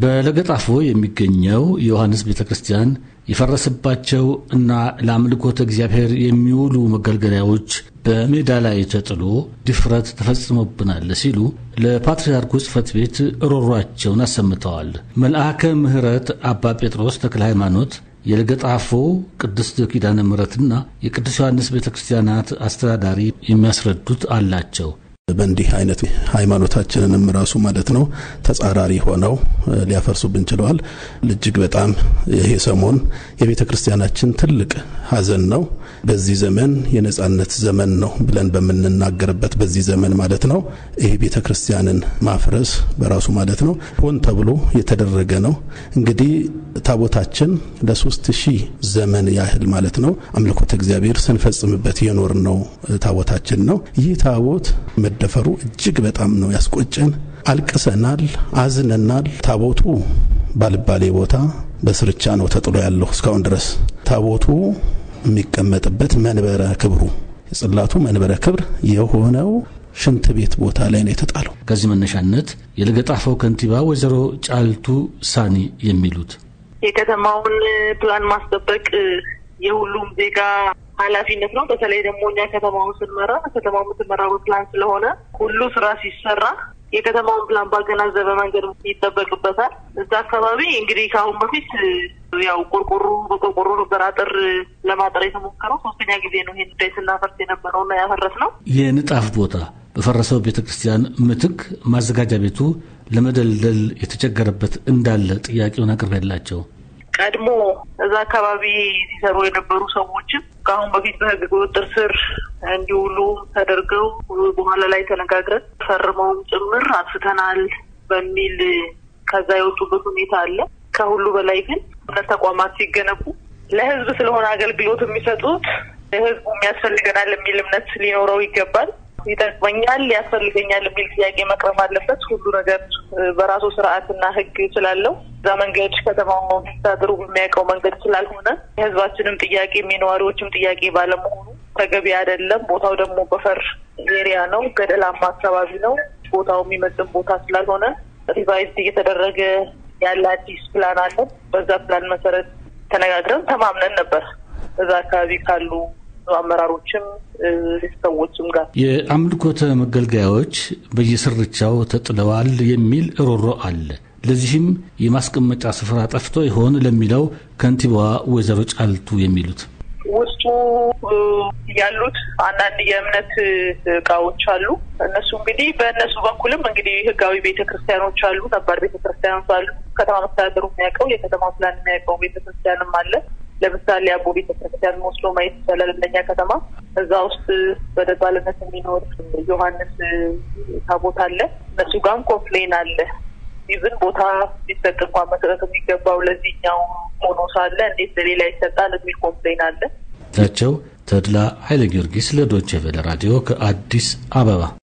በለገጣፎ የሚገኘው የዮሐንስ ቤተ ክርስቲያን የፈረሰባቸው እና ለአምልኮተ እግዚአብሔር የሚውሉ መገልገያዎች በሜዳ ላይ ተጥሎ ድፍረት ተፈጽሞብናል ሲሉ ለፓትርያርኩ ጽሕፈት ቤት ሮሯቸውን አሰምተዋል። መልአከ ምሕረት አባ ጴጥሮስ ተክለ ሃይማኖት የለገጣፎ ቅድስት ኪዳነ ምሕረትና የቅዱስ ዮሐንስ ቤተ ክርስቲያናት አስተዳዳሪ የሚያስረዱት አላቸው። በእንዲህ አይነት ሃይማኖታችንንም ራሱ ማለት ነው ተጻራሪ ሆነው ሊያፈርሱብን ችለዋል። እጅግ በጣም ይሄ ሰሞን የቤተ ክርስቲያናችን ትልቅ ሀዘን ነው። በዚህ ዘመን የነጻነት ዘመን ነው ብለን በምንናገርበት በዚህ ዘመን ማለት ነው ይህ ቤተ ክርስቲያንን ማፍረስ በራሱ ማለት ነው ሆን ተብሎ የተደረገ ነው። እንግዲህ ታቦታችን ለሶስት ሺህ ዘመን ያህል ማለት ነው አምልኮት እግዚአብሔር ስንፈጽምበት የኖር ነው ታቦታችን ነው። ይህ ታቦት መደፈሩ እጅግ በጣም ነው ያስቆጨን። አልቅሰናል፣ አዝነናል። ታቦቱ ባልባሌ ቦታ በስርቻ ነው ተጥሎ ያለው እስካሁን ድረስ ታቦቱ የሚቀመጥበት መንበረ ክብሩ የጽላቱ መንበረ ክብር የሆነው ሽንት ቤት ቦታ ላይ ነው የተጣለው። ከዚህ መነሻነት የለገጣፈው ከንቲባ ወይዘሮ ጫልቱ ሳኒ የሚሉት የከተማውን ፕላን ማስጠበቅ የሁሉም ዜጋ ኃላፊነት ነው። በተለይ ደግሞ እኛ ከተማውን ስንመራ ከተማው የምትመራው ፕላን ስለሆነ ሁሉ ስራ ሲሰራ የከተማውን ፕላን ባገናዘበ መንገድ ይጠበቅበታል። እዛ አካባቢ እንግዲህ ከአሁን በፊት ያው ቆርቆሮ በቆርቆሮ ነበር አጥር ለማጠር የተሞከረው። ሶስተኛ ጊዜ ነው ይህን ጉዳይ ስናፈርስ የነበረውና ያፈረስ ነው። የንጣፍ ቦታ በፈረሰው ቤተ ክርስቲያን ምትክ ማዘጋጃ ቤቱ ለመደልደል የተቸገረበት እንዳለ ጥያቄውን አቅርቤላቸው ቀድሞ እዛ አካባቢ ሲሰሩ የነበሩ ሰዎችም ከአሁን በፊት በህግ ቁጥጥር ስር እንዲውሉ ተደርገው በኋላ ላይ ተነጋግረን ፈርመውም ጭምር አጥፍተናል በሚል ከዛ የወጡበት ሁኔታ አለ። ከሁሉ በላይ ግን እምነት ተቋማት ሲገነቡ ለህዝብ ስለሆነ አገልግሎት የሚሰጡት ለህዝቡ የሚያስፈልገናል የሚል እምነት ሊኖረው ይገባል። ይጠቅመኛል፣ ያስፈልገኛል የሚል ጥያቄ መቅረብ አለበት። ሁሉ ነገር በራሱ ስርዓትና ህግ ስላለው እዛ መንገድ ከተማው መስተዳድሩ በሚያውቀው መንገድ ስላልሆነ የህዝባችንም ጥያቄ፣ የነዋሪዎችም ጥያቄ ባለመሆኑ ተገቢ አይደለም። ቦታው ደግሞ በፈር ኤሪያ ነው፣ ገደላማ አካባቢ ነው። ቦታው የሚመጥን ቦታ ስላልሆነ ሪቫይዝድ እየተደረገ ያለ አዲስ ፕላን አለ። በዛ ፕላን መሰረት ተነጋግረን ተማምነን ነበር እዛ አካባቢ ካሉ አመራሮችም ሰዎችም ጋር የአምልኮተ መገልገያዎች በየስርቻው ተጥለዋል የሚል ሮሮ አለ። ለዚህም የማስቀመጫ ስፍራ ጠፍቶ ይሆን ለሚለው ከንቲባዋ ወይዘሮ ጫልቱ የሚሉት ውስጡ ያሉት አንዳንድ የእምነት እቃዎች አሉ። እነሱ እንግዲህ በእነሱ በኩልም እንግዲህ ህጋዊ ቤተክርስቲያኖች አሉ፣ ነባር ቤተክርስቲያኖች አሉ። ከተማ መስተዳደሩ የሚያውቀው የከተማ ፕላን የሚያውቀው ቤተክርስቲያንም አለ። ለምሳሌ አቦ ቤተክርስቲያን ወስዶ ማየት ይቻላል። እንደኛ ከተማ እዛ ውስጥ በደባልነት የሚኖር ዮሐንስ ታቦት አለ። እነሱ ጋም ኮምፕሌን አለ። ይዝን ቦታ ሊሰጥ እንኳን መሰረት የሚገባው ለዚህኛው ሆኖ ሳለ እንዴት ለሌላ ይሰጣል የሚል ኮምፕሌን አለ። ታቸው ተድላ ኃይለ ጊዮርጊስ ለዶቼ ቬለ ራዲዮ ከአዲስ አበባ